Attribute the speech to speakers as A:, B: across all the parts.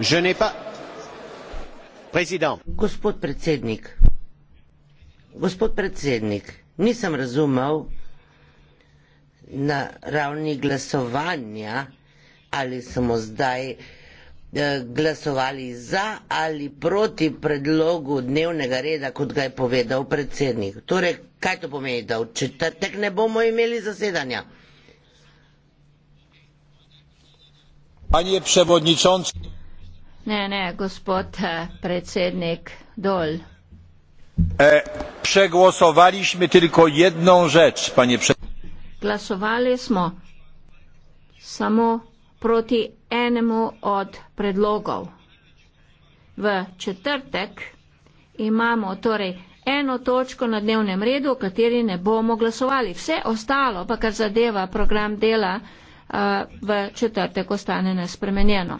A: Ženepa. Prezident. Gospod predsednik, gospod predsednik, nisem razumel na ravni glasovanja, ali smo zdaj eh, glasovali za ali proti predlogu dnevnega reda, kot ga je povedal predsednik. Torej, kaj to pomeni, da v četrtek ne bomo imeli zasedanja? Panie przewodniczący.
B: Ne, ne, gospod eh, predsednik Dol.
C: E, przegłosowaliśmy tylko jedną rzecz, panie przewodniczący.
B: Głosowaliśmy samo proti enemu od predlogov. V četrtek imamo torej eno točko na dnevnem redu, o kateri ne bomo glasovali. Vse ostalo, pa kar zadeva program dela, eh, v četrtek ostane nespremenjeno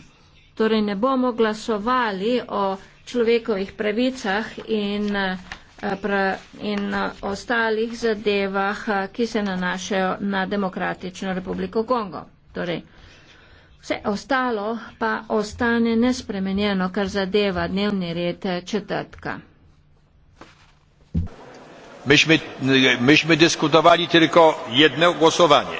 B: torej ne bomo glasovali o človekovih pravicah in, eh, in eh, ostalih zadevah, eh, ki se nanašajo na Demokratično republiko Kongo. Torej, vse ostalo pa ostane nespremenjeno, kar zadeva dnevni red četrtka.
C: Myśmy, myśmy dyskutowali tylko jedno głosowanie.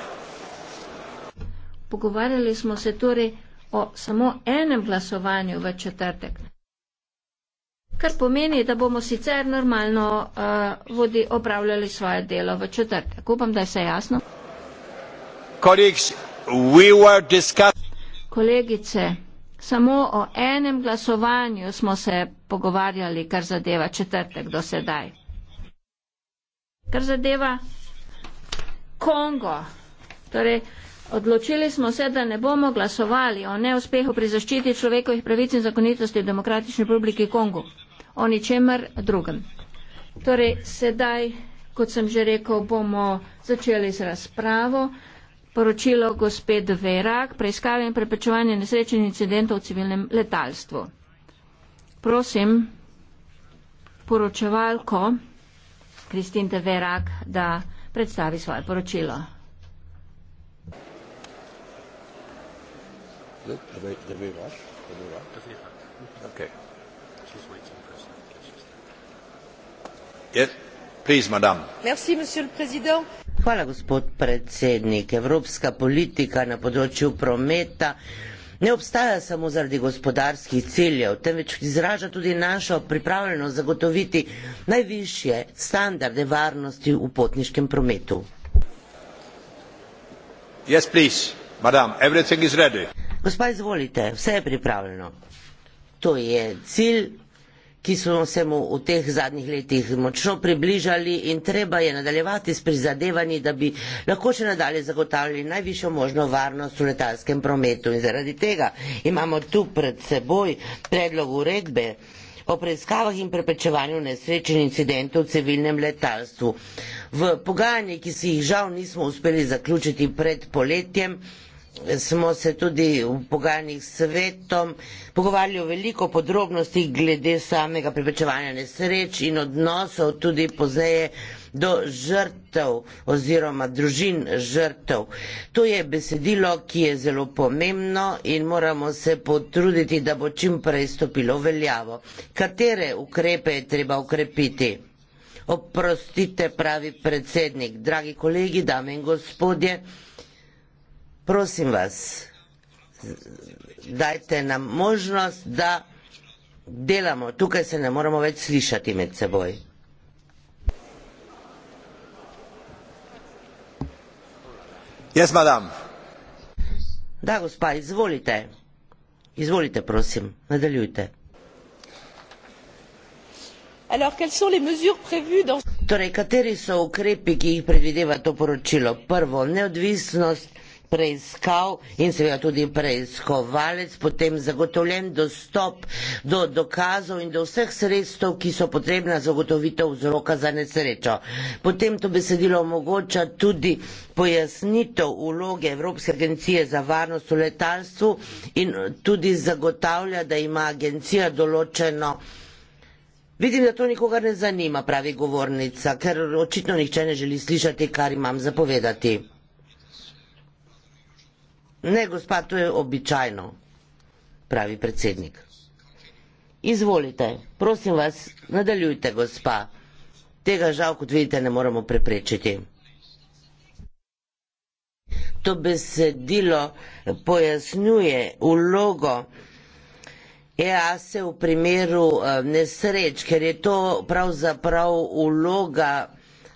B: Pogovarjali smo se torej o samo enem glasovanju v četrtek. Kar pomeni, da bomo sicer normalno uh, vodi opravljali svoje delo v četrtek. Upam, da je vse jasno.
C: Kolegs, we discuss...
B: Kolegice, samo o enem glasovanju smo se pogovarjali, kar zadeva četrtek do sedaj. Kar zadeva Kongo. Torej, Odločili smo se, da ne bomo glasovali o neuspehu pri zaščiti človekovih pravic in zakonitosti v Demokratični republiki Kongo, o ničemer drugem. Torej, sedaj, kot sem že rekel, bomo začeli z razpravo. Poročilo gospod Verak, preiskave in preprečevanje nesrečen incidentov v civilnem letalstvu. Prosim, poročevalko Kristin de Verak, da predstavi svoje poročilo.
C: Luke, have they, did we rush? Did we rush? Okay. She's waiting for us. Yes. Please, madam.
A: Merci, monsieur le président. Hvala, gospod predsednik. Evropska politika na področju prometa ne obstaja samo zaradi gospodarskih ciljev, temveč izraža tudi našo pripravljenost zagotoviti najvišje standarde varnosti v potniškem prometu.
C: Yes, please, madam. Everything is ready.
A: Gospa, izvolite, vse je pripravljeno. To je cilj, ki smo se mu v teh zadnjih letih močno približali in treba je nadaljevati s prizadevanji, da bi lahko še nadalje zagotavljali najvišjo možno varnost v letalskem prometu. In zaradi tega imamo tu pred seboj predlog uredbe o preiskavah in preprečevanju nesreč in incidentov v civilnem letalstvu. V pogajanjih, ki si jih žal nismo uspeli zaključiti pred poletjem, smo se tudi v pogajanjih s svetom pogovarjali o veliko podrobnostih glede samega preprečevanja nesreč in odnosov tudi pozneje do žrtev oziroma družin žrtev. To je besedilo, ki je zelo pomembno in moramo se potruditi, da bo čim prej stopilo v veljavo. Katere ukrepe je treba ukrepiti? Oprostite, pravi predsednik, dragi kolegi, dame in gospodje, prosim vas, dajte nam možnost, da delamo. Tukaj se ne moramo več slišati med seboj. Jaz, yes, madam. Da, gospa, izvolite. Izvolite, prosim, nadaljujte. Torej, kateri so ukrepi, ki jih predvideva to poročilo? Prvo, neodvisnost preiskal in seveda tudi preiskovalec, potem zagotovljen dostop do dokazov in do vseh sredstev, ki so potrebna zagotovitev vzroka za nesrečo. Potem to besedilo omogoča tudi pojasnitev uloge Evropske agencije za varnost v letalstvu in tudi zagotavlja, da ima agencija določeno Vidim, da to nikogar ne zanima, pravi govornica, ker očitno nihče ne želi slišati, kar imam zapovedati. Ne, gospa, to je običajno, pravi predsednik. Izvolite, prosim vas, nadaljujte, gospa. Tega žal, kot vidite, ne moremo preprečiti. To besedilo pojasnjuje vlogo EAS-e v primeru eh, nesreč, ker je to pravzaprav vloga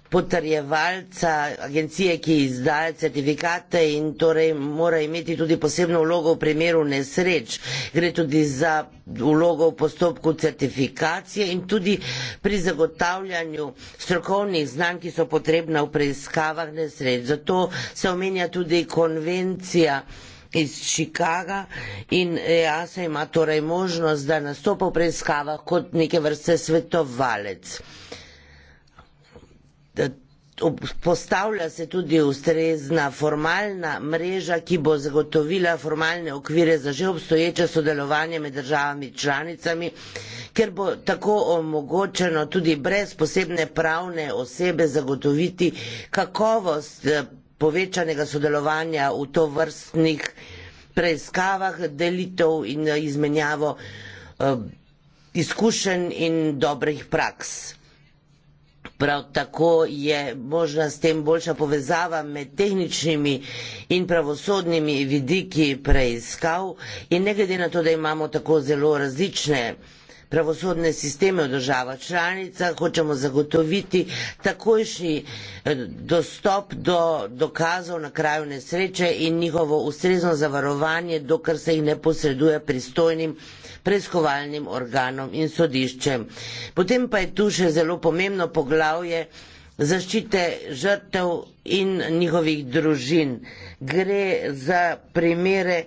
A: potrjevalca agencije, ki izdaja certifikate in torej mora imeti tudi posebno vlogo v primeru nesreč. Gre tudi za vlogo v postopku certifikacije in tudi pri zagotavljanju strokovnih znanj, ki so potrebna v preiskavah nesreč. Zato se omenja tudi konvencija iz Chicaga in EASA ima torej možnost, da nastopa v preiskavah kot neke vrste svetovalec. Postavlja se tudi ustrezna formalna mreža, ki bo zagotovila formalne okvire za že obstoječe sodelovanje med državami članicami, ker bo tako omogočeno tudi brez posebne pravne osebe zagotoviti kakovost eh, povečanega sodelovanja v to vrstnih preiskavah, delitev in eh, izmenjavo eh, izkušenj in dobrih praks. Prav tako je možna s tem boljša povezava med tehničnimi in pravosodnimi vidiki preiskav in ne glede na to, da imamo tako zelo različne pravosodne sisteme v državah članicah, hočemo zagotoviti takojši eh, dostop do dokazov na kraju nesreče in njihovo ustrezno zavarovanje, dokler se jih ne posreduje pristojnim preiskovalnim organom in sodiščem. Potem pa je tu še zelo pomembno poglavje zaščite žrtev in njihovih družin. Gre za primere,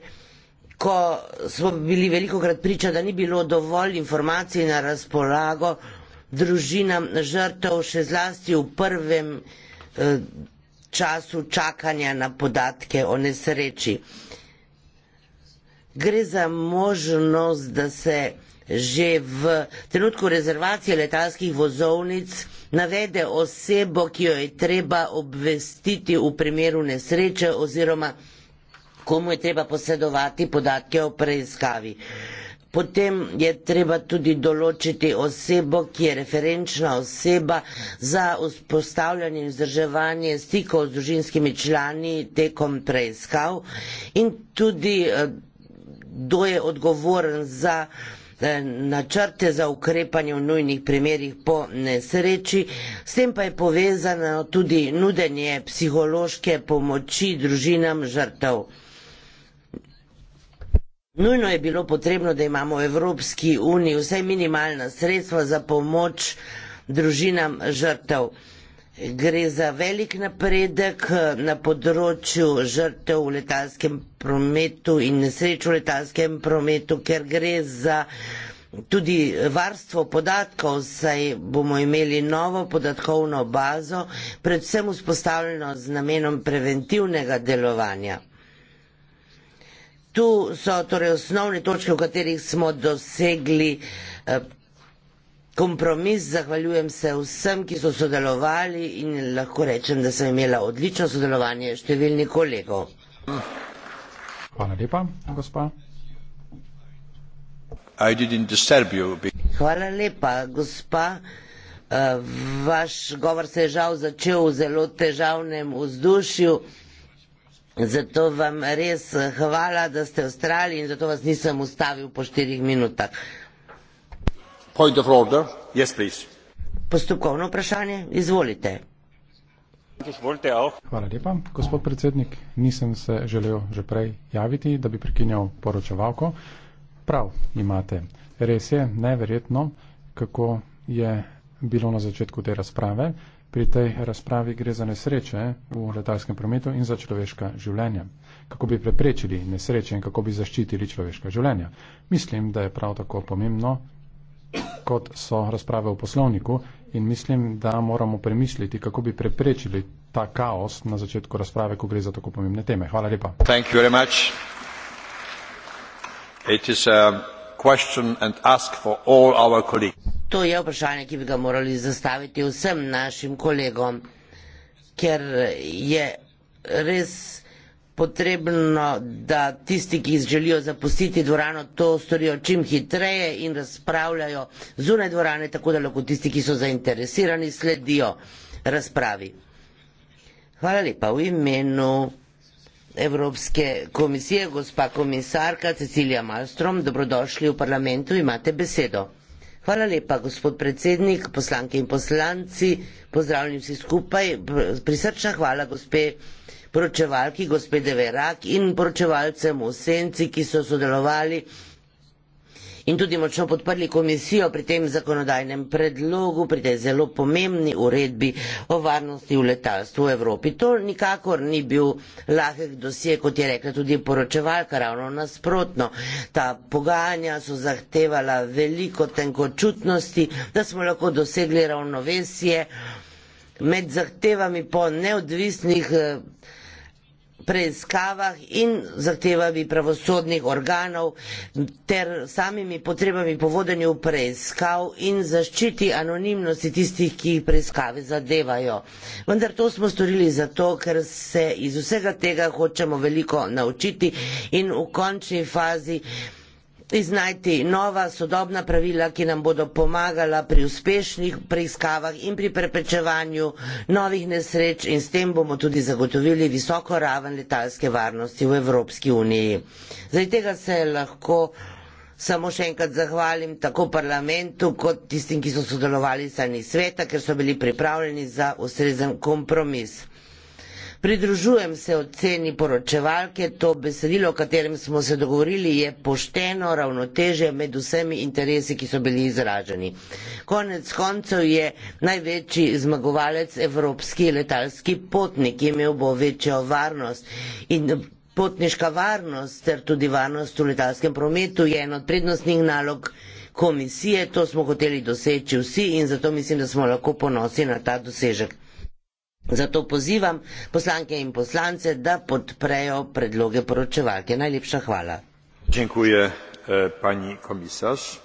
A: ko smo bili veliko krat priča, da ni bilo dovolj informacij na razpolago družinam žrtev, še zlasti v prvem eh, času čakanja na podatke o nesreči gre za možnost, da se že v trenutku rezervacije letalskih vozovnic navede osebo, ki jo je treba obvestiti v primeru nesreče oziroma komu je treba posedovati podatke o preiskavi. Potem je treba tudi določiti osebo, ki je referenčna oseba za vzpostavljanje in vzdrževanje stikov z družinskimi člani tekom preiskav in tudi eh, kdo je odgovoren za eh, načrte za ukrepanje v nujnih primerjih po nesreči. S tem pa je povezano tudi nudenje psihološke pomoči družinam žrtev. Nujno je bilo potrebno, da imamo v Evropski uniji vsaj minimalna sredstva za pomoč družinam žrtev gre za velik napredek eh, na področju žrtev v letalskem prometu in nesreč v letalskem prometu, ker gre za tudi varstvo podatkov, saj bomo imeli novo podatkovno bazo, predvsem vzpostavljeno z namenom preventivnega delovanja. Tu so torej osnovne točke, v katerih smo dosegli eh, kompromis, zahvaljujem se vsem, ki so sodelovali in lahko rečem, da sem imela odlično sodelovanje številnih kolegov. Hvala lepa, gospa. Hvala lepa, gospa. Eh, vaš govor se je žal začel v zelo težavnem vzdušju, zato vam res eh, hvala, da ste ostali in zato vas nisem ustavil po štirih minutah postopkovno vprašanje izvolite Hvala lepa, gospod
D: predsednik. Nisem se želel že prej javiti, da bi prekinjal poročevalko. Prav imate. Res je neverjetno, kako je bilo na začetku te razprave. Pri tej razpravi gre za nesreče v letalskem prometu in za človeška življenja. Kako bi preprečili nesreče in kako bi zaščitili človeška življenja. Mislim, da je prav tako pomembno kot so razprave v poslovniku in mislim, da moramo premisliti, kako bi preprečili ta kaos na začetku razprave, ko gre za tako pomembne teme. Hvala lepa.
A: To je vprašanje, ki bi ga morali zastaviti vsem našim kolegom, ker je res potrebno, da tisti, ki želijo zapustiti dvorano, to storijo čim hitreje in razpravljajo zunaj dvorane, tako da lahko tisti, ki so zainteresirani, sledijo razpravi. Hvala lepa v imenu Evropske komisije, gospa komisarka Cecilija Malmström, dobrodošli v parlamentu, imate besedo. Hvala lepa, gospod predsednik, poslanke in poslanci, pozdravljam vsi skupaj, prisrčna hvala, gospe poročevalki gospe Deverak in poročevalcem v senci, ki so sodelovali in tudi močno podprli komisijo pri tem zakonodajnem predlogu, pri tej zelo pomembni uredbi o varnosti v letalstvu v Evropi. To nikakor ni bil lahek dosje, kot je rekla tudi poročevalka, ravno nasprotno. Ta pogajanja so zahtevala veliko tenkočutnosti, da smo lahko dosegli ravnovesje med zahtevami po neodvisnih eh, preiskavah in zahtevami pravosodnih organov ter samimi potrebami po vodenju preiskav in zaščiti anonimnosti tistih, ki jih preiskave zadevajo. Vendar to smo storili zato, ker se iz vsega tega hočemo veliko naučiti in v končni fazi iznajti nova sodobna pravila, ki nam bodo pomagala pri uspešnih preiskavah in pri preprečevanju novih nesreč in s tem bomo tudi zagotovili visoko raven letalske varnosti v Evropski uniji. Zdaj tega se lahko samo še enkrat zahvalim tako parlamentu kot tistim, ki so sodelovali sani sveta, ker so bili pripravljeni za ustrezen kompromis. Pridružujem se oceni poročevalke, to besedilo, o katerem smo se dogovorili, je pošteno ravnoteže med vsemi interesi, ki so bili izraženi. Konec koncev je največji zmagovalec evropski letalski potnik, imel bo večjo varnost. In potniška varnost ter tudi varnost v letalskem prometu je en od prednostnih nalog komisije, to smo hoteli doseči vsi in zato mislim, da smo lahko ponosi na ta dosežek. Zato pozivam poslanke in poslance, da podprejo predloge poročevalke. Najlepša hvala.
B: Dziękuję,
A: e, pani komisarz.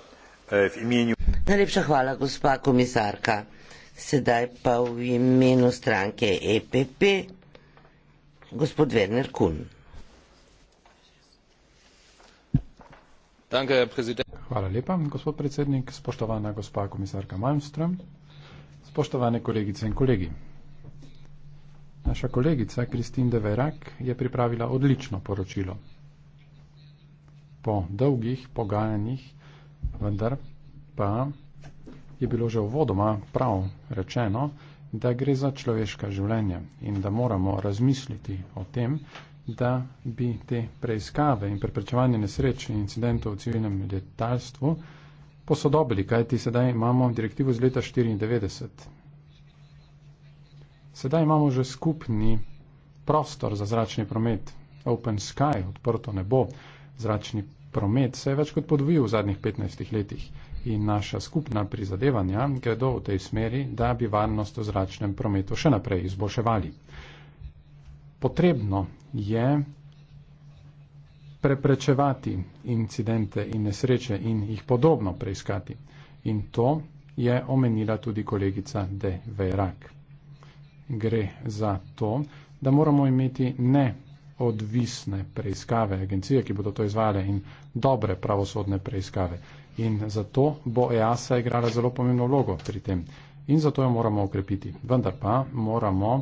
A: V e, imenju... Najlepša hvala, gospa komisarka. Sedaj pa v imenu stranke EPP, gospod Werner Kuhn.
D: Hvala lepa, gospod predsednik, spoštovana gospa komisarka Malmström, spoštovane kolegice in kolegi. Naša kolegica Kristin Deverak je pripravila odlično poročilo. Po dolgih pogajanjih, vendar pa je bilo že uvodoma prav rečeno, da gre za človeška življenja in da moramo razmisliti o tem, da bi te preiskave in preprečevanje nesreč in incidentov v civilnem letalstvu posodobili, kajti sedaj imamo direktivo iz leta 1994 Sedaj imamo že skupni prostor za zračni promet. Open sky, odprto nebo, zračni promet se je več kot podvojil v zadnjih 15 letih in naša skupna prizadevanja gredo v tej smeri, da bi varnost v zračnem prometu še naprej izboljševali. Potrebno je preprečevati incidente in nesreče in jih podobno preiskati. In to je omenila tudi kolegica De Veirak gre za to, da moramo imeti neodvisne preiskave, agencije, ki bodo to izvajale in dobre pravosodne preiskave. In zato bo EASA igrala zelo pomembno vlogo pri tem. In zato jo moramo okrepiti. Vendar pa moramo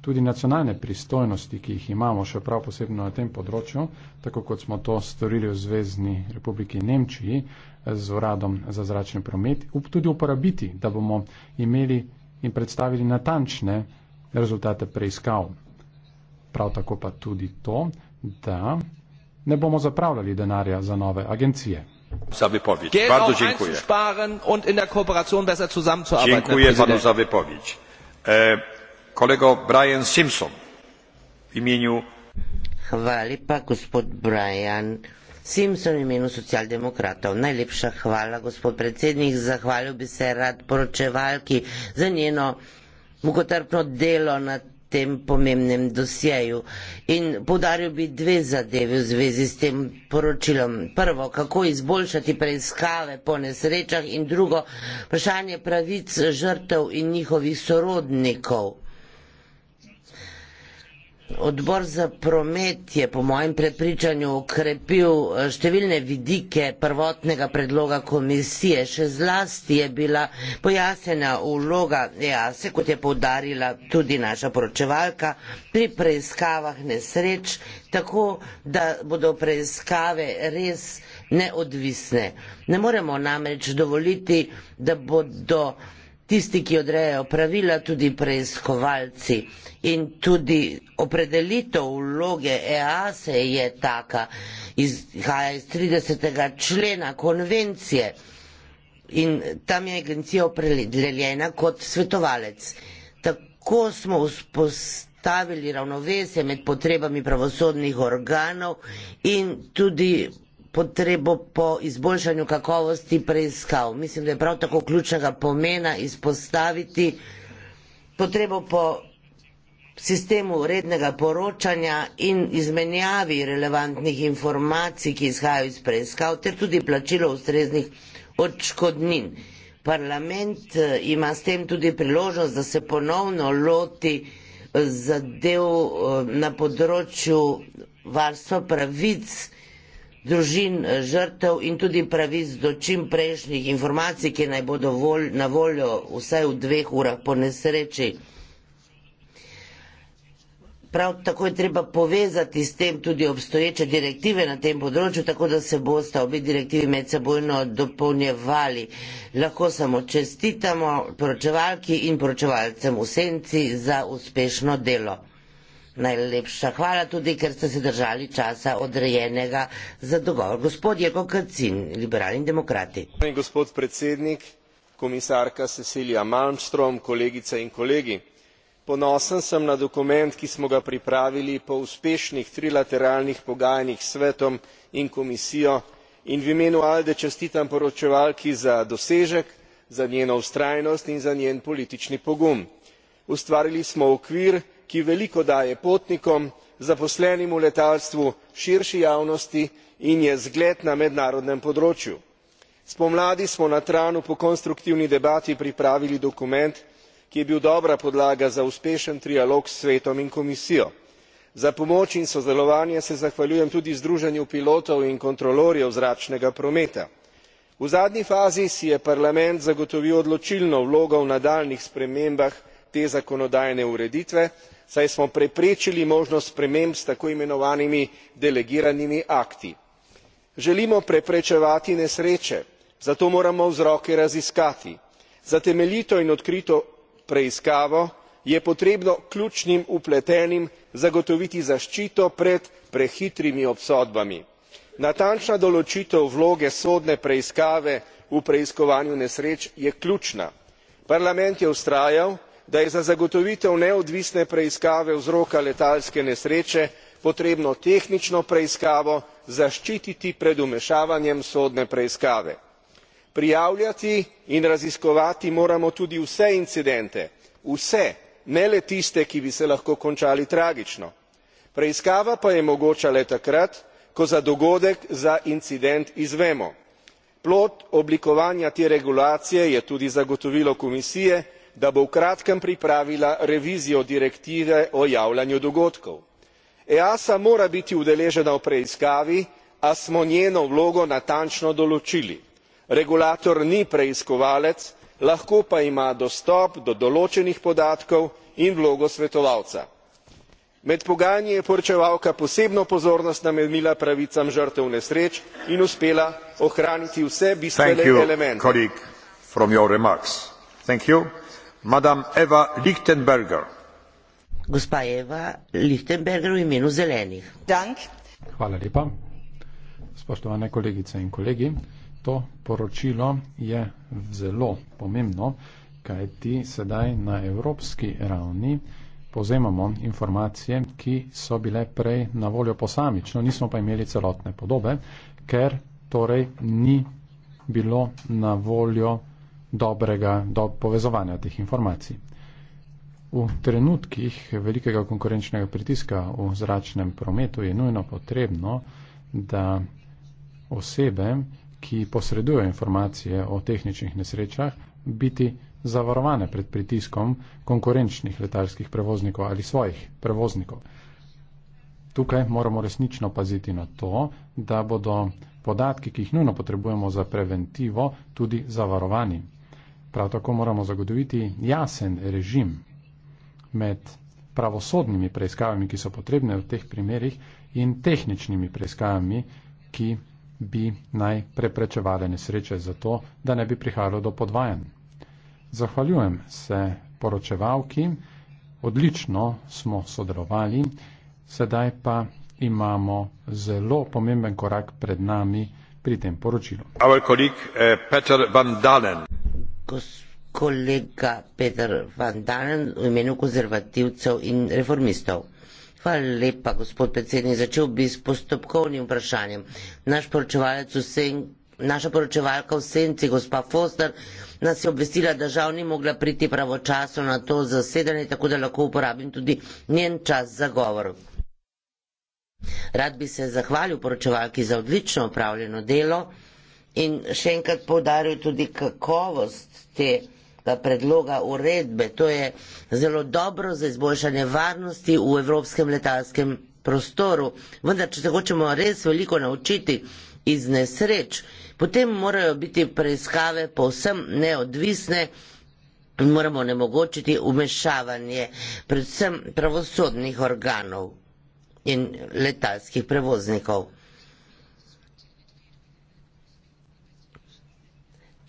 D: tudi nacionalne pristojnosti, ki jih imamo še prav posebno na tem področju, tako kot smo to storili v Zvezdni republiki Nemčiji z uradom za zračni promet, tudi uporabiti, da bomo imeli in predstavili natančne rezultate preiskav. Prav tako pa tudi to, da ne bomo zapravljali denarja za nove agencije.
C: Dziękuję panu za wypowiedź. E, kolego Brian Simpson
A: w imieniu. Chwali pa gospod Brian Simpson w imieniu socjaldemokratów. Najlepsza chwala gospod predsednik. Zachwalił by się rad poroczewalki za nieno. Njeno mukotrpno delo na tem pomembnem dosjeju. In podaril bi dve zadeve v zvezi s tem poročilom. Prvo, kako izboljšati preiskave po nesrečah in drugo, vprašanje pravic žrtev in njihovih sorodnikov. Odbor za promet je po mojem prepričanju ukrepil eh, številne vidike prvotnega predloga komisije. Še zlasti je bila pojasnjena vloga EASE, kot je povdarila tudi naša poročevalka, pri preiskavah nesreč, tako da bodo preiskave res neodvisne. Ne moremo namreč dovoliti, da bodo tisti, ki odrejajo pravila, tudi preiskovalci. In tudi opredelitev vloge EASE e je taka, izhaja iz 30. člena konvencije in tam je agencija opredeljena kot svetovalec. Tako smo vzpostavili ravnovesje med potrebami pravosodnih organov in tudi potrebo po izboljšanju kakovosti preiskav. Mislim, da je prav tako ključnega pomena izpostaviti potrebo po sistemu rednega poročanja in izmenjavi relevantnih informacij, ki izhajajo iz preiskav, ter tudi plačilo ustreznih odškodnin. Parlament eh, ima s tem tudi priložnost, da se ponovno loti eh, zadev eh, na področju varstva pravic družin eh, žrtev in tudi pravic do čim prejšnjih informacij, ki naj bodo vol, na voljo vsaj v dveh urah po nesreči. Prav tako je treba povezati s tem tudi obstoječe direktive na tem področju, tako da se bosta obi direktivi med sebojno dopolnjevali. Lahko samo čestitamo poročevalki in poročevalcem v senci za uspešno delo. Najlepša hvala tudi, ker ste se držali časa odrejenega za dogovor. Gospod Jeko Krcin, liberalni demokrati.
C: Gospod predsednik, komisarka Cecilija Malmstrom, kolegice in kolegi. Ponosen sem na dokument, ki smo ga pripravili po uspešnih trilateralnih pogajanjih s svetom in komisijo in v imenu Alde čestitam poročevalki za dosežek, za njeno ustrajnost in za njen politični pogum. Ustvarili smo okvir, ki veliko daje potnikom zaposlenim v letalstvu širši javnosti in je zgled na mednarodnem področju. spomladi smo na tranu po konstruktivni debati pripravili dokument ki je bil dobra podlaga za uspešen trialog s svetom in komisijo. za pomoč in sodelovanje se zahvaljujem tudi združenju pilotov in kontrolorjev zračnega prometa. v zadnji fazi si je parlament zagotovil odločilno vlogo v nadaljnjih spremembah te zakonodajne ureditve saj smo preprečili možnost sprememb s tako imenovanimi delegiranimi akti. želimo preprečevati nesreče zato moramo vzroke raziskati. za temeljito in odkrito preiskavo je potrebno ključnim vpletenim zagotoviti zaščito pred prehitrimi obsodbami. natančna določitev vloge sodne preiskave v preiskovanju nesreč je ključna. parlament je vztrajal da je za zagotovitev neodvisne preiskave vzroka letalske nesreče potrebno tehnično preiskavo zaščititi pred vmešavanjem sodne preiskave. prijavljati in raziskovati moramo tudi vse incidente vse ne le tiste ki bi se lahko končali tragično. preiskava pa je mogoča le takrat ko za dogodek za incident izvemo. plod oblikovanja te regulacije je tudi zagotovilo komisije da bo v kratkem pripravila revizijo direktive o javljanju dogodkov. easa mora biti udeležena v preiskavi a smo njeno vlogo natančno določili regulator ni preiskovalec lahko pa ima dostop do določenih podatkov in vlogo svetovalca. med pogajanji je poročevalka posebno pozornost namenila pravicam žrtev nesreč in uspela ohraniti vse bistvene elemente
D: spoštovane kolegice in kolegi to poročilo je zelo pomembno kajti sedaj na evropski ravni povzemamo informacije ki so bile prej na voljo posamično nismo pa imeli celotne podobe ker torej ni bilo na voljo dobrega do povezovanja teh informacij. V trenutkih velikega konkurenčnega pritiska v zračnem prometu je nujno potrebno, da osebe, ki posredujejo informacije o tehničnih nesrečah, biti zavarovane pred pritiskom konkurenčnih letalskih prevoznikov ali svojih prevoznikov. Tukaj moramo resnično paziti na to, da bodo podatki, ki jih nujno potrebujemo za preventivo, tudi zavarovani. Prav tako moramo zagotoviti jasen režim med pravosodnimi preiskavami, ki so potrebne v teh primerih, in tehničnimi preiskavami, ki bi naj preprečevale nesreče za to, da ne bi prihajalo do podvajan. Zahvaljujem se poročevalki, odlično smo sodelovali, sedaj pa imamo zelo pomemben korak pred nami pri tem poročilu.
C: Our colleague, uh, Peter Van Dalen
A: kolega Peter Vandalen v imenu konzervativcev in reformistov. Hvala lepa, gospod predsednik. Začel bi s postopkovnim vprašanjem. Naš poročevalec vsem. Naša poročevalka v senci, gospa Foster, nas je obvestila, da žal ni mogla priti pravočasno na to zasedanje, tako da lahko uporabim tudi njen čas za govor. Rad bi se zahvalil poročevalki za odlično upravljeno delo. In še enkrat povdaril tudi kakovost tega predloga uredbe. To je zelo dobro za izboljšanje varnosti v evropskem letalskem prostoru. Vendar, če se hočemo res veliko naučiti iz nesreč, potem morajo biti preiskave povsem neodvisne. In moramo onemogočiti umešavanje predvsem pravosodnih organov in letalskih prevoznikov.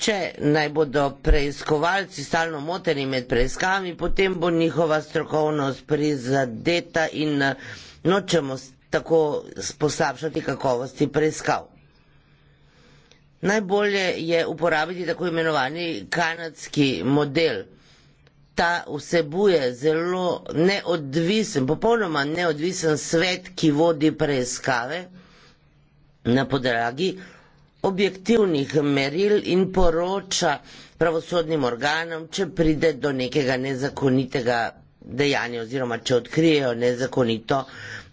A: Če naj bodo preiskovalci stalno moteni med preiskami, potem bo njihova strokovnost prizadeta in eh, nočemo tako sposabšati kakovosti preiskav. Najbolje je uporabiti tako imenovani kanadski model. Ta vsebuje zelo neodvisen, popolnoma neodvisen svet, ki vodi preiskave na podlagi objektivnih meril in poroča pravosodnim organom, če pride do nekega nezakonitega dejanja oziroma če odkrijejo nezakonito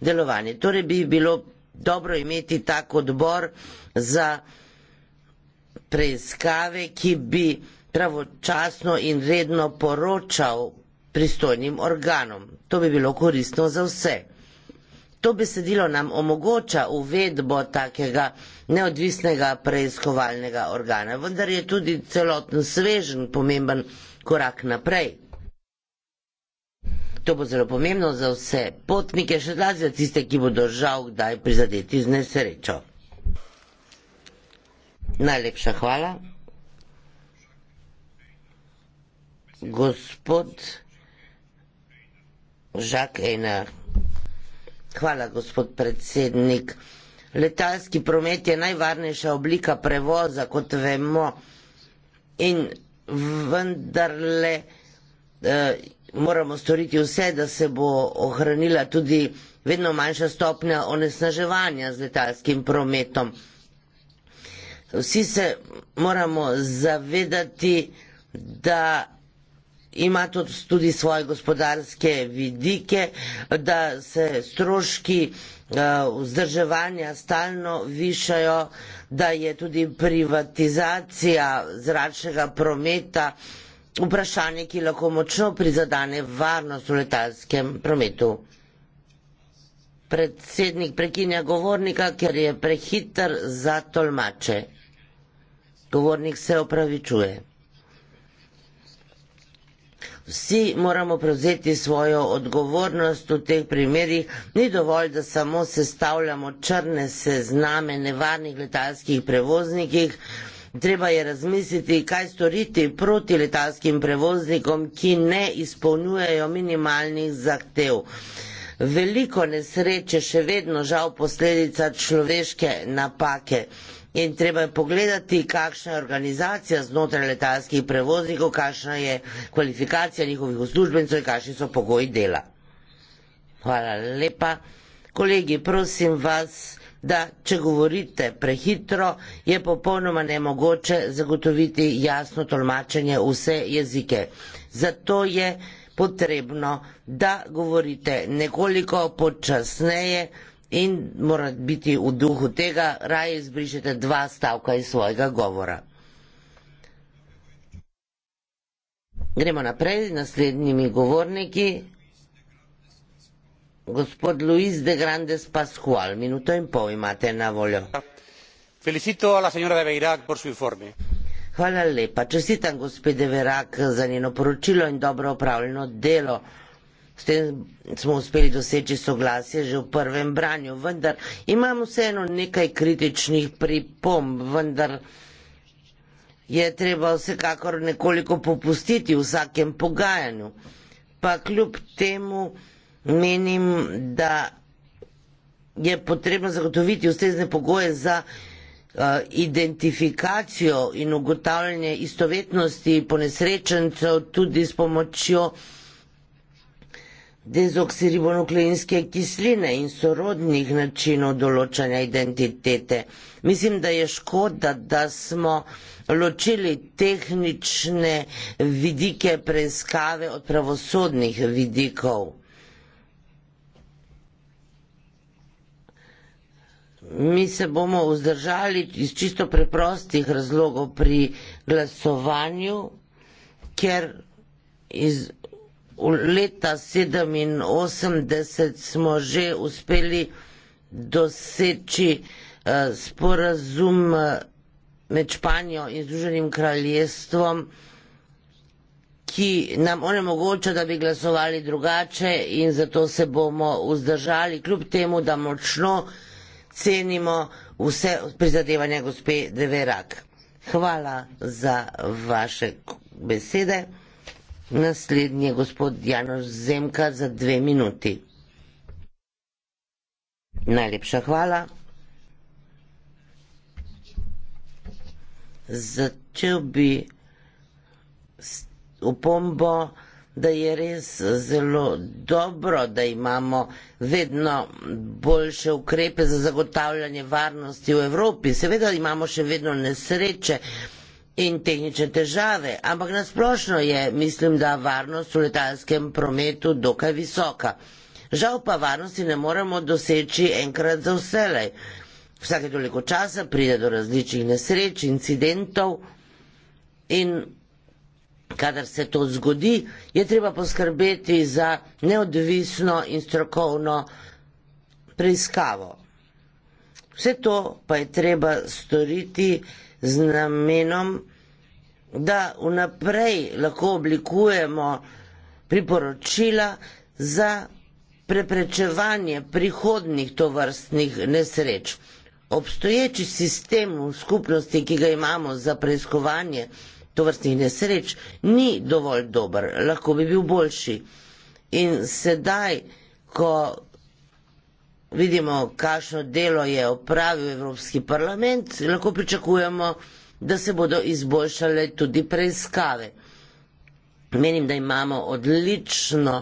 A: delovanje. Torej bi bilo dobro imeti tak odbor za preiskave, ki bi pravočasno in redno poročal pristojnim organom. To bi bilo koristno za vse. To besedilo nam omogoča uvedbo takega neodvisnega preiskovalnega organa, vendar je tudi celoten svežen pomemben korak naprej. To bo zelo pomembno za vse potnike, še zlasti za tiste, ki bodo žal kdaj prizadeti z nesrečo. Najlepša hvala. Gospod Žak Einar. Hvala, gospod predsednik letalski promet je najvarnejša oblika prevoza, kot vemo, in vendarle eh, moramo storiti vse, da se bo ohranila tudi vedno manjša stopnja onesnaževanja z letalskim prometom. Vsi se moramo zavedati, da ima tudi svoje gospodarske vidike, da se stroški eh, vzdrževanja stalno višajo, da je tudi privatizacija zračnega prometa vprašanje, ki lahko močno prizadane varnost v letalskem prometu. Predsednik prekinja govornika, ker je prehiter za tolmače. Govornik se opravičuje vsi moramo prevzeti svojo odgovornost v teh primerjih. Ni dovolj, da samo sestavljamo črne sezname nevarnih letalskih prevoznikih. Treba je razmisliti, kaj storiti proti letalskim prevoznikom, ki ne izpolnjujejo minimalnih zahtev. Veliko nesreče še vedno žal posledica človeške napake. In treba je pogledati, kakšna je organizacija znotraj letalskih prevoznikov, kakšna je kvalifikacija njihovih uslužbencev in kakšni so pogoji dela. Hvala lepa. Kolegi, prosim vas, da če govorite prehitro, je popolnoma nemogoče zagotoviti jasno tolmačenje vse jezike. Zato je potrebno, da govorite nekoliko počasneje, in mora biti v duhu tega, raje izbrišete dva stavka iz svojega govora. Gremo naprej z naslednjimi govorniki. Gospod Luis de Grandes Pascual, minuto in pol imate na voljo.
D: Felicito a la señora de Beirac
C: por su informe.
A: Hvala lepa. Čestitam gospe de Verak za njeno poročilo in dobro opravljeno delo. S tem smo uspeli doseči soglasje že v prvem branju, vendar imam vseeno nekaj kritičnih pripomb, vendar je treba vsekakor nekoliko popustiti v vsakem pogajanju. Pa kljub temu menim, da je potrebno zagotoviti ustrezne pogoje za eh, identifikacijo in ugotavljanje istovetnosti ponesrečencev tudi s pomočjo dezoksiribonukleinske kisline in sorodnih načinov določanja identitete. Mislim, da je škoda, da smo ločili tehnične vidike preiskave od pravosodnih vidikov. Mi se bomo vzdržali iz čisto preprostih razlogov pri glasovanju, ker iz leta 87 smo že uspeli doseči eh, sporazum eh, med Španijo in Združenim kraljestvom, ki nam onemogoča, da bi glasovali drugače in zato se bomo vzdržali, kljub temu, da močno cenimo vse prizadevanja gospe Deverak. Hvala za vaše besede. Naslednji je gospod Janoš Zemka za dve minuti. Najlepša hvala. Začel bi s upombo, da je res zelo dobro, da imamo vedno boljše ukrepe za zagotavljanje varnosti v Evropi. Seveda imamo še vedno nesreče, in tehnične težave, ampak nasplošno je, mislim, da varnost v letalskem prometu dokaj visoka. Žal pa varnosti ne moremo doseči enkrat za vselej. Vsake toliko časa pride do različnih nesreč, incidentov in kadar se to zgodi, je treba poskrbeti za neodvisno in strokovno preiskavo. Vse to pa je treba storiti z namenom, da vnaprej lahko oblikujemo priporočila za preprečevanje prihodnih tovrstnih nesreč. Obstoječi sistem v skupnosti, ki ga imamo za preiskovanje tovrstnih nesreč, ni dovolj dober, lahko bi bil boljši. In sedaj, ko vidimo, kakšno delo je opravil Evropski parlament, lahko pričakujemo, da se bodo izboljšale tudi preiskave. Menim, da imamo odlično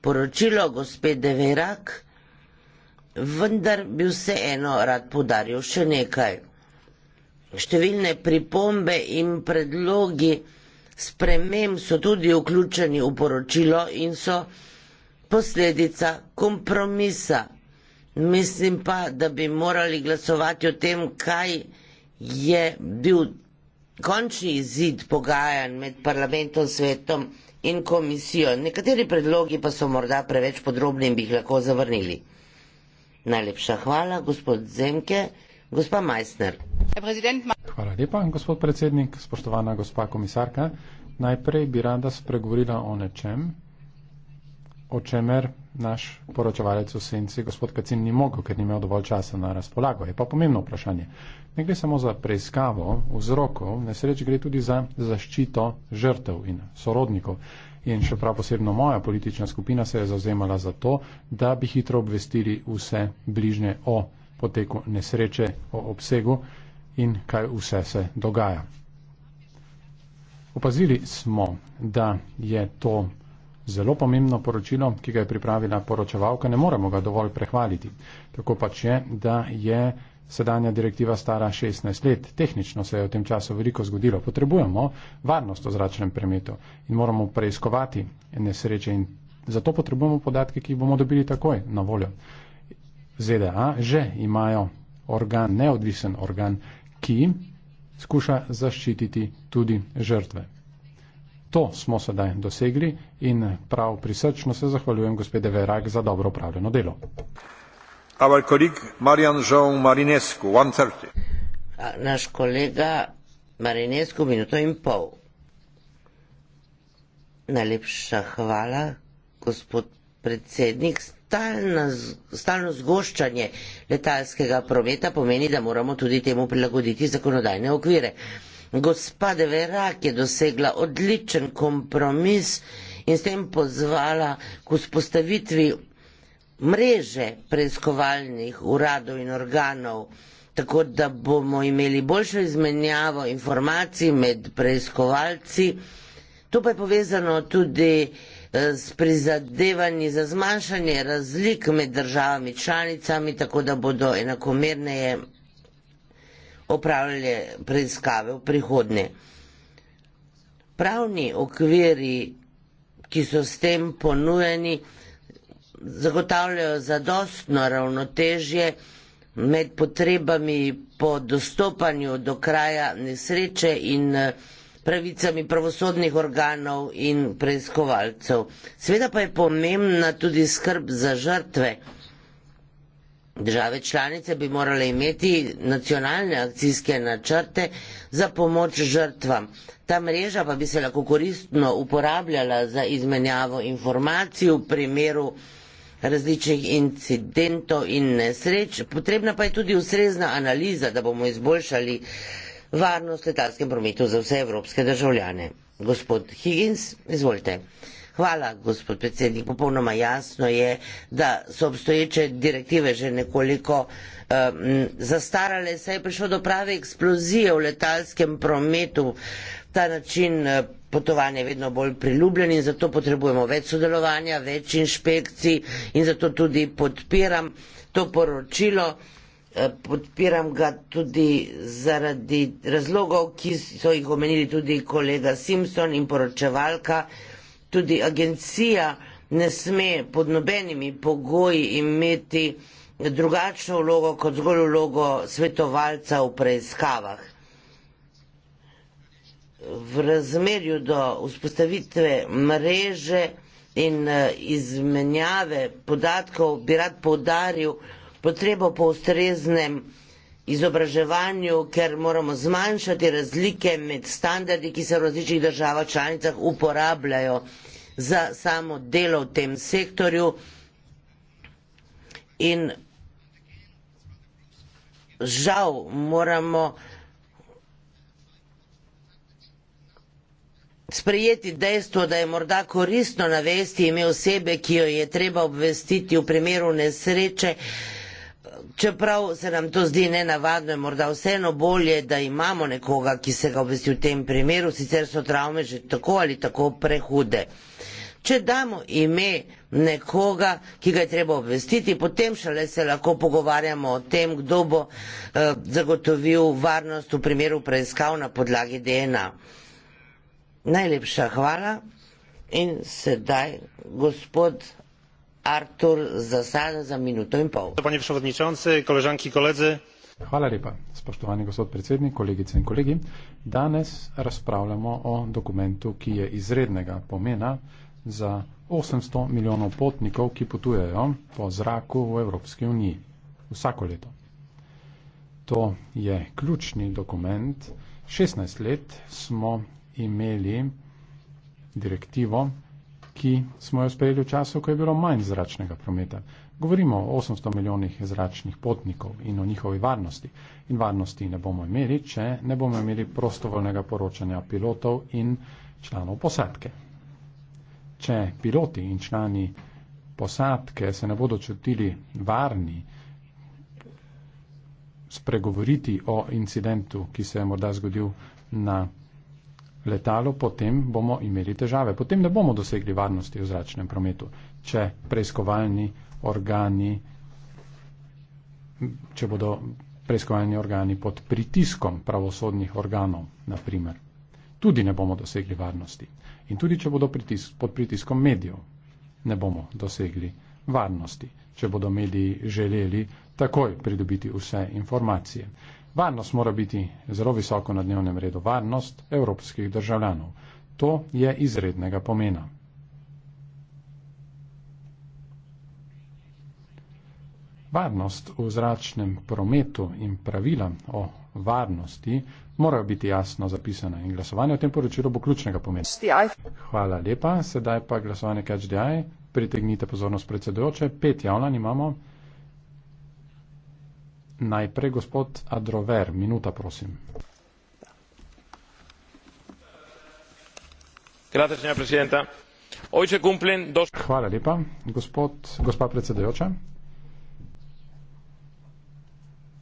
A: poročilo gospe Deverak, vendar bi vseeno rad podaril še nekaj. Številne pripombe in predlogi sprememb so tudi vključeni v poročilo in so posledica kompromisa Mislim pa, da bi morali glasovati o tem, kaj je bil končni izid pogajanj med parlamentom, svetom in komisijo. Nekateri predlogi pa so morda preveč podrobni in bi jih lahko zavrnili. Najlepša hvala, gospod Zemke. Gospa Majsner. Hvala lepa,
D: gospod predsednik, spoštovana gospa komisarka. Najprej bi rada spregovorila o nečem, očemer naš poročevalec v senci, gospod Kacin, ni mogel, ker ni imel dovolj časa na razpolago. Je pa pomembno vprašanje. Ne gre samo za preiskavo vzrokov, nesreč gre tudi za zaščito žrtev in sorodnikov. In še prav posebno moja politična skupina se je zauzemala za to, da bi hitro obvestili vse bližnje o poteku nesreče, o obsegu in kaj vse se dogaja. Opazili smo, da je to zelo pomembno poročilo, ki ga je pripravila poročevalka, ne moremo ga dovolj prehvaliti. Tako pač je, da je sedanja direktiva stara 16 let. Tehnično se je v tem času veliko zgodilo. Potrebujemo varnost v zračnem premetu in moramo preiskovati nesreče in zato potrebujemo podatke, ki jih bomo dobili takoj na voljo. ZDA že imajo organ, neodvisen organ, ki skuša zaščititi tudi žrtve. To smo sedaj dosegli in prav prisrčno se zahvaljujem gospede Verak za dobro upravljeno delo.
C: Our colleague Marian Jean Marinescu, 1.30.
A: Naš kolega Marinescu, minuto in pol. Najlepša hvala, gospod predsednik. Stalna, stalno zgoščanje letalskega prometa pomeni, da moramo tudi temu prilagoditi zakonodajne okvire. Gospa Deverak je dosegla odličen kompromis in s tem pozvala k vzpostavitvi mreže preiskovalnih uradov in organov, tako da bomo imeli boljšo izmenjavo informacij med preiskovalci. To pa je povezano tudi eh, s prizadevanji za zmanjšanje razlik med državami članicami, tako da bodo enakomerneje opravljale preiskave v prihodnje. Pravni okviri, ki so s tem ponujeni, zagotavljajo zadostno ravnotežje med potrebami po dostopanju do kraja nesreče in eh, pravicami pravosodnih organov in preiskovalcev. Sveda pa je pomembna tudi skrb za žrtve. Države članice bi morale imeti nacionalne akcijske načrte za pomoč žrtvam. Ta mreža pa bi se lahko koristno uporabljala za izmenjavo informacij v primeru različnih incidentov in nesreč. Potrebna pa je tudi ustrezna analiza, da bomo izboljšali varnost letalskem prometu za vse evropske državljane. Gospod Higgins, izvolite. Hvala, gospod predsednik. Popolnoma jasno je, da so obstoječe direktive že nekoliko um, zastarale, saj je prišlo do prave eksplozije v letalskem prometu. Ta način eh, potovanja je vedno bolj priljubljen in zato potrebujemo več sodelovanja, več inšpekcij in zato tudi podpiram to poročilo. Eh, podpiram ga tudi zaradi razlogov, ki so jih omenili tudi kolega Simpson in poročevalka tudi agencija ne sme pod nobenimi pogoji imeti drugačno vlogo kot zgolj vlogo svetovalca v preiskavah. V razmerju do vzpostavitve mreže in e, izmenjave podatkov bi rad povdaril potrebo po ustreznem izobraževanju, ker moramo zmanjšati razlike med standardi, ki se v različnih državah članicah uporabljajo za samo delo v tem sektorju. In žal moramo sprejeti dejstvo, da je morda koristno navesti ime osebe, ki jo je treba obvestiti v primeru nesreče, čeprav se nam to zdi nenavadno, je morda vseeno bolje, da imamo nekoga, ki se ga obvesti v tem primeru, sicer so travme že tako ali tako prehude. Če damo ime nekoga, ki ga je treba obvestiti, potem šele se lahko pogovarjamo o tem, kdo bo eh, zagotovil varnost v primeru preiskav na podlagi DNA. Najlepša hvala. In sedaj, gospod gospod predsednik koleženke in kolegi
D: hvala lepa spoštovani gospod predsednik kolegice in kolegi danes razpravljamo o dokumentu ki je izrednega pomena za 800 milijonov potnikov ki potujejo po zraku v evropski uniji vsako leto to je ključni dokument 16 let smo imeli direktivo ki smo jo sprejeli v času, ko je bilo manj zračnega prometa. Govorimo o 800 milijonih zračnih potnikov in o njihovi varnosti. In varnosti ne bomo imeli, če ne bomo imeli prostovoljnega poročanja pilotov in članov posadke. Če piloti in člani posadke se ne bodo čutili varni spregovoriti o incidentu, ki se je morda zgodil na letalo, potem bomo imeli težave. Potem ne bomo dosegli varnosti v zračnem prometu, če preiskovalni organi, če bodo preiskovalni organi pod pritiskom pravosodnih organov, naprimer. Tudi ne bomo dosegli varnosti. In tudi, če bodo pritisk, pod pritiskom medijev, ne bomo dosegli varnosti, če bodo mediji želeli takoj pridobiti vse informacije. Varnost mora biti zelo visoko na dnevnem redu, varnost evropskih državljanov. To je izrednega pomena. Varnost v zračnem prometu in pravila o varnosti morajo biti jasno zapisane in glasovanje o tem poročilu bo ključnega pomena. Hvala lepa, sedaj pa glasovanje KHDI. Pritegnite pozornost predsedujoče. Pet javljanj imamo. Najprej gospod Adrover, minuta prosim. Hvala lepa, gospod, gospa predsedajoča.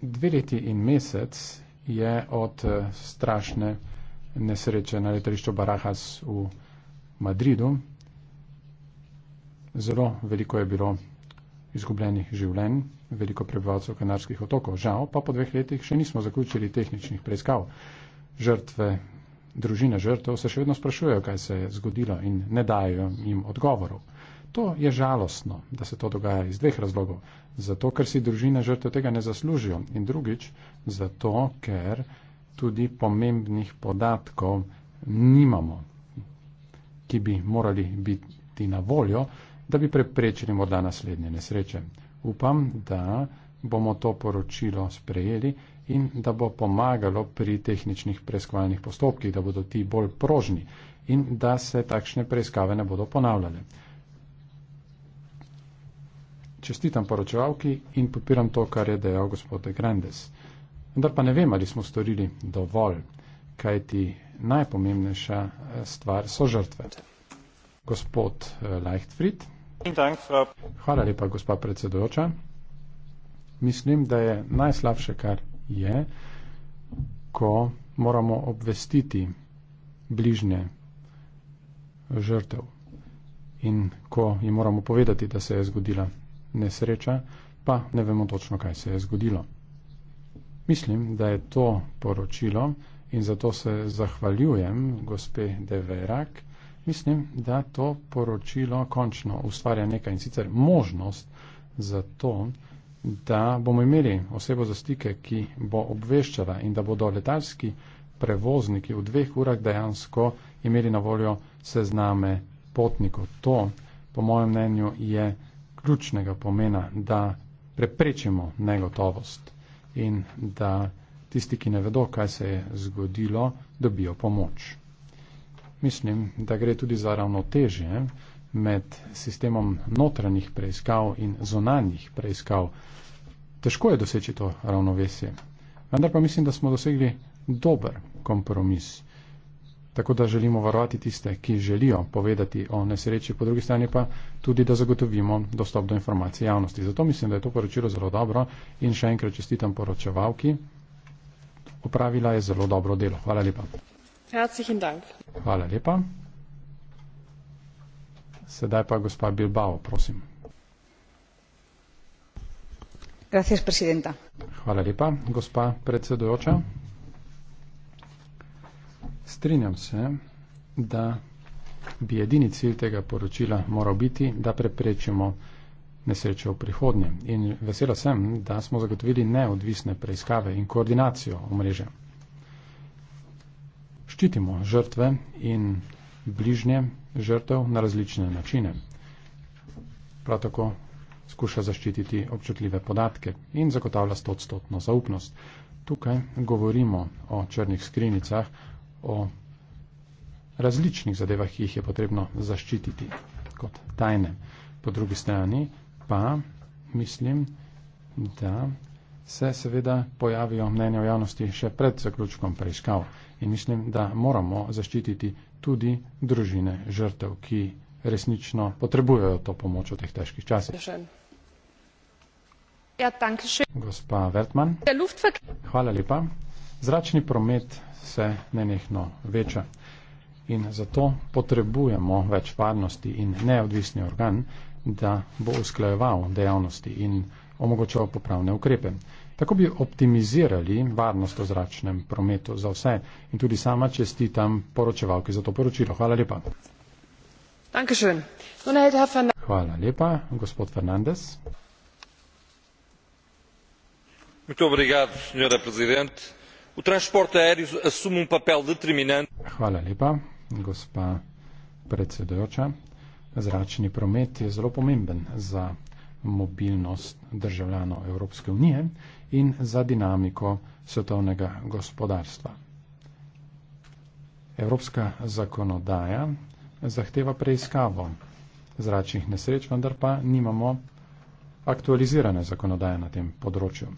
D: Dve leti in mesec je od strašne nesreče na letališču Barajas v Madridu. Zelo veliko je bilo izgubljenih življenj veliko prebivalcev Kanarskih otokov. Žal pa po dveh letih še nismo zaključili tehničnih preiskav. Žrtve, družine žrtev se še vedno sprašujejo, kaj se je zgodilo in ne dajo jim odgovorov. To je žalostno, da se to dogaja iz dveh razlogov. Zato, ker si družine žrtev tega ne zaslužijo in drugič, zato, ker tudi pomembnih podatkov nimamo, ki bi morali biti na voljo da bi preprečili morda naslednje nesreče. Upam, da bomo to poročilo sprejeli in da bo pomagalo pri tehničnih preiskovalnih postopkih, da bodo ti bolj prožni in da se takšne preiskave ne bodo ponavljale. Čestitam poročevalki in podpiram to, kar je dejal gospod Grandes. Vendar pa ne vem, ali smo storili dovolj, kajti najpomembnejša eh, stvar so žrtve. Gospod eh, Leichtfried. Hvala lepa, gospa predsedujoča. Mislim, da je najslabše, kar je, ko moramo obvestiti bližnje žrtev in ko jim moramo povedati, da se je zgodila nesreča, pa ne vemo točno, kaj se je zgodilo. Mislim, da je to poročilo in zato se zahvaljujem gospe Deverak, mislim, da to poročilo končno ustvarja nekaj in sicer možnost za to, da bomo imeli osebo za stike, ki bo obveščala in da bodo letalski prevozniki v dveh urah dejansko imeli na voljo sezname potnikov. To, po mojem mnenju, je ključnega pomena, da preprečimo negotovost in da tisti, ki ne vedo, kaj se je zgodilo, dobijo pomoč. Mislim, da gre tudi za ravnotežje med sistemom notranjih preiskav in zonanjih preiskav. Težko je doseči to ravnovesje, vendar pa mislim, da smo dosegli dober kompromis. Tako da želimo varovati tiste, ki želijo povedati o nesreči, po drugi strani pa tudi, da zagotovimo dostop do informacij javnosti. Zato mislim, da je to poročilo zelo dobro in še enkrat čestitam poročevalki. Opravila je zelo dobro delo. Hvala lepa. Herzlichen Dank. Hvala lepa. Sedaj pa gospa Bilbao, prosim.
B: Gracias, presidenta.
D: Hvala lepa, gospa predsedujoča. Strinjam se, da bi edini cilj tega poročila moral biti, da preprečimo nesreče v prihodnje. In vesela sem, da smo zagotovili neodvisne preiskave in koordinacijo omrežja ščitimo žrtve in bližnje žrtev na različne načine. Prav tako skuša zaščititi občutljive podatke in zagotavlja stotstotno zaupnost. Tukaj govorimo o črnih skrinicah, o različnih zadevah, ki jih je potrebno zaščititi kot tajne. Po drugi strani pa mislim, da se seveda pojavijo mnenja v javnosti še pred zaključkom preiskav in mislim, da moramo zaščititi tudi družine žrtev, ki resnično potrebujejo to pomoč v teh težkih časih. Ja, Gospa Vertman. Hvala lepa. Zračni promet se nenehno veča in zato potrebujemo več varnosti in neodvisni organ, da bo usklajeval dejavnosti in omogočal popravne ukrepe. Tako bi optimizirali varnost v zračnem prometu za vse in tudi sama čestitam poročevalki za to poročilo. Hvala lepa. Hvala lepa, gospod Fernandez. Um Hvala lepa, gospa predsedujoča. Zračni promet je zelo pomemben za mobilnost državljanov Evropske unije in za dinamiko svetovnega gospodarstva. Evropska zakonodaja zahteva preiskavo zračnih nesreč, vendar pa nimamo aktualizirane zakonodaje na tem področju.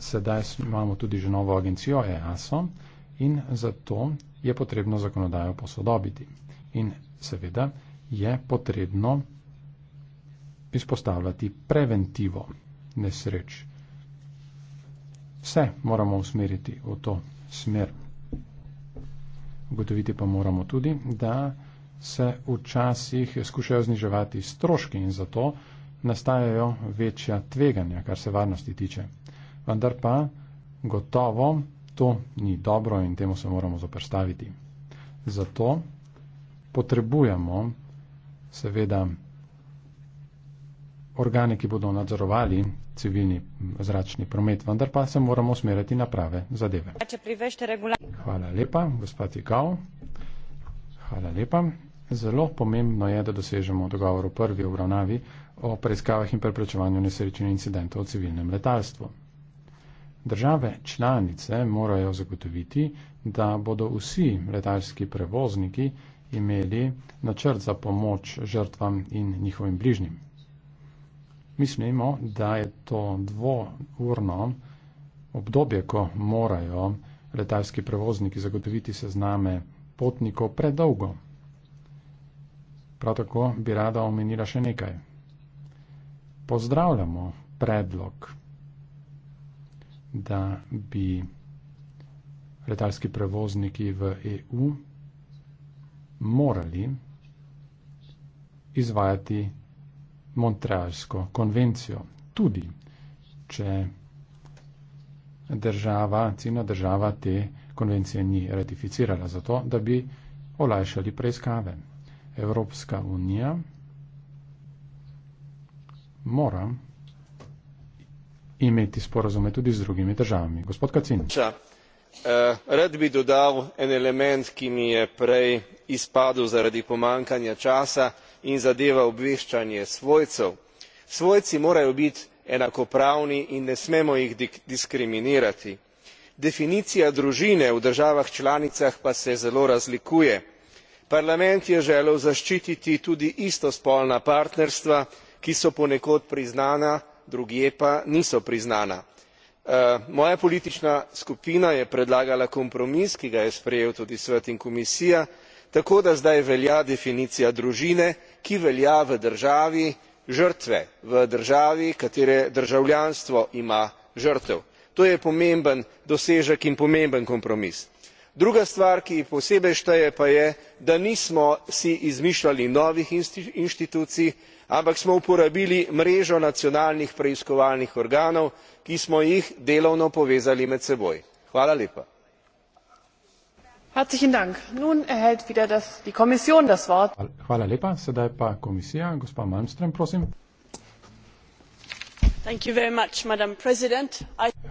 D: Sedaj imamo tudi že novo agencijo EASO in zato je potrebno zakonodajo posodobiti. In seveda je potrebno izpostavljati preventivo nesreč. Vse moramo usmeriti v to smer. Ugotoviti pa moramo tudi, da se včasih skušajo zniževati stroški in zato nastajajo večja tveganja, kar se varnosti tiče. Vendar pa gotovo to ni dobro in temu se moramo zoprstaviti. Zato potrebujemo seveda organi, ki bodo nadzorovali civilni zračni promet, vendar pa se moramo usmeriti na prave zadeve. Hvala lepa, gospod Tikal. Hvala lepa. Zelo pomembno je, da dosežemo dogovor o prvi obravnavi o preiskavah in preprečevanju nesrečnih incidentov v civilnem letalstvu. Države članice morajo zagotoviti, da bodo vsi letalski prevozniki imeli načrt za pomoč žrtvam in njihovim bližnjim. Mislimo, da je to dvourno obdobje, ko morajo letalski prevozniki zagotoviti sezname potnikov predolgo. Prav tako bi rada omenila še nekaj. Pozdravljamo predlog, da bi letalski prevozniki v EU morali izvajati Montrealsko konvencijo. Tudi, če država, ciljna država te konvencije ni ratificirala zato, da bi olajšali preiskave. Evropska unija mora imeti sporozume tudi z drugimi državami. Gospod Kacin.
C: Ča, eh, rad bi dodal en element, ki mi je prej izpadel zaradi pomankanja časa in zadeva obveščanje svojcev. svojci morajo biti enakopravni in ne smemo jih diskriminirati. definicija družine v državah članicah pa se zelo razlikuje. parlament je želel zaščititi tudi istospolna partnerstva ki so ponekod priznana drugje pa niso priznana. Eh, moja politična skupina je predlagala kompromis ki ga je sprejel tudi svet in komisija tako da zdaj velja definicija družine ki velja v državi žrtve v državi katere državljanstvo ima žrtev. to je pomemben dosežek in pomemben kompromis. druga stvar ki posebej šteje pa je da nismo si izmišljali novih institucij ampak smo uporabili mrežo nacionalnih preiskovalnih organov ki smo jih delovno povezali med seboj. hvala lepa
D: hvala lepa sedaj pa komisija gospa malmstrm prosim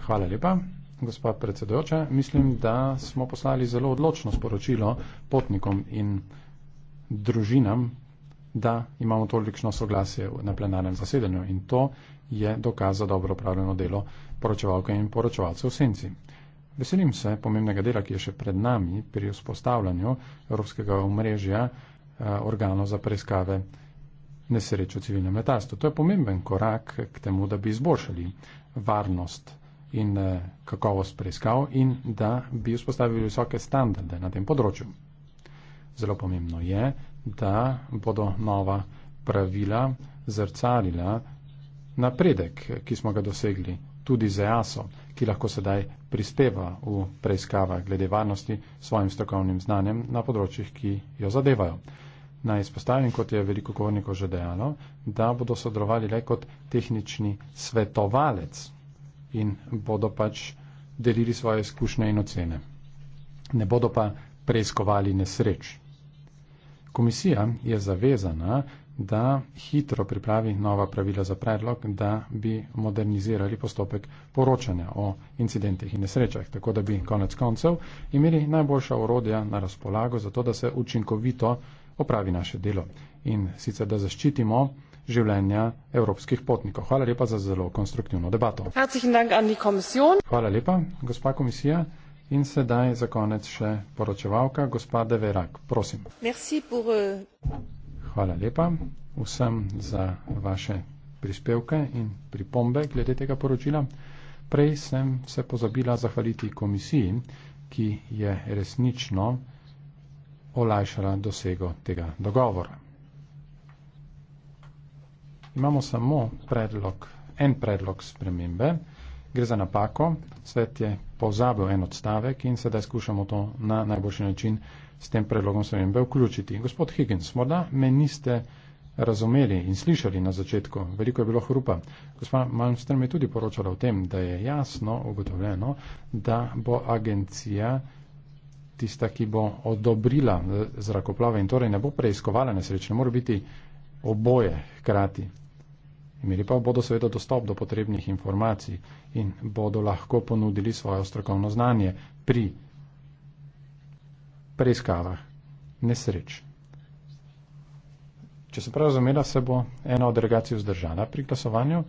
D: hvala lepa gospa predsedujoča mislim da smo poslali zelo odločno sporočilo potnikom in družinam da imamo tolikšno soglasje na plenarnem zasedanju in to je dokaz za dobro opravljeno delo poročevalke in poročevalcev v senci Veselim se pomembnega dela, ki je še pred nami pri vzpostavljanju Evropskega omrežja eh, organov za preiskave nesreč v civilnem letalstvu. To je pomemben korak k temu, da bi izboljšali varnost in eh, kakovost preiskav in da bi vzpostavili visoke standarde na tem področju. Zelo pomembno je, da bodo nova pravila zrcalila napredek, ki smo ga dosegli tudi za e jaso ki lahko sedaj prispeva v preiskava glede varnosti s svojim strokovnim znanjem na področjih, ki jo zadevajo. Naj izpostavim, kot je veliko govornikov že dejalo, da bodo sodelovali le kot tehnični svetovalec in bodo pač delili svoje izkušnje in ocene. Ne bodo pa preiskovali nesreč. Komisija je zavezana da hitro pripravi nova pravila za predlog, da bi modernizirali postopek poročanja o incidentih in nesrečah, tako da bi konec koncev imeli najboljša orodja na razpolago za to, da se učinkovito opravi naše delo in sicer da zaščitimo življenja evropskih potnikov. Hvala lepa za zelo konstruktivno debato. Hvala lepa, gospa komisija. In sedaj za konec še poročevalka, gospa Deverak. Prosim.
B: Merci pour, uh...
D: Hvala lepa vsem za vaše prispevke in pripombe glede tega poročila. Prej sem se pozabila zahvaliti komisiji, ki je resnično olajšala dosego tega dogovora. Imamo samo predlog, en predlog spremembe. Gre za napako. Svet je pozabil en odstavek in sedaj skušamo to na najboljši način s tem predlogom spremembe vključiti. Gospod Higgins, morda me niste razumeli in slišali na začetku, veliko je bilo hrupa. Gospa Malmström je tudi poročala o tem, da je jasno ugotovljeno, da bo agencija tista, ki bo odobrila eh, zrakoplave in torej ne bo preiskovala nesreč, ne more biti oboje hkrati. Imeli pa bodo seveda dostop do potrebnih informacij in bodo lahko ponudili svojo strokovno znanje pri preiskavah nesreč. Če sem prav razumela, se bo ena od delegacij vzdržala pri glasovanju,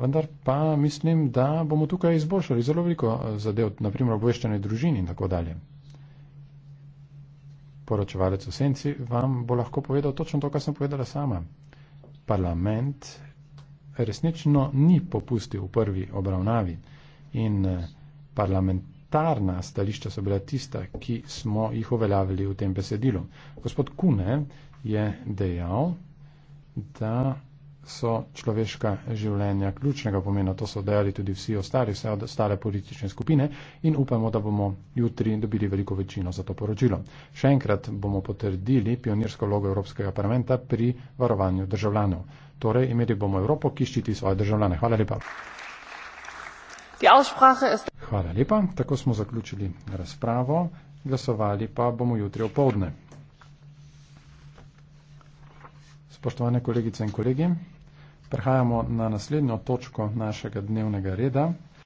D: vendar pa mislim, da bomo tukaj izboljšali zelo veliko eh, zadev, naprimer obveščanje družin in tako dalje. Poročevalec v senci vam bo lahko povedal točno to, kar sem povedala sama. Parlament resnično ni popustil v prvi obravnavi in eh, parlament parlamentarna stališča so bila tista, ki smo jih uveljavili v tem besedilu. Gospod Kune je dejal, da so človeška življenja ključnega pomena, to so dejali tudi vsi ostali, vse ostale politične skupine in upamo, da bomo jutri dobili veliko večino za to poročilo. Še enkrat bomo potrdili pionirsko vlogo Evropskega parlamenta pri varovanju državljanov. Torej, imeli bomo Evropo, ki ščiti svoje državljane. Hvala lepa. Hvala lepa, tako smo zaključili razpravo, glasovali pa bomo jutri opovdne. Spoštovane kolegice in kolegi, prehajamo na naslednjo točko našega dnevnega reda.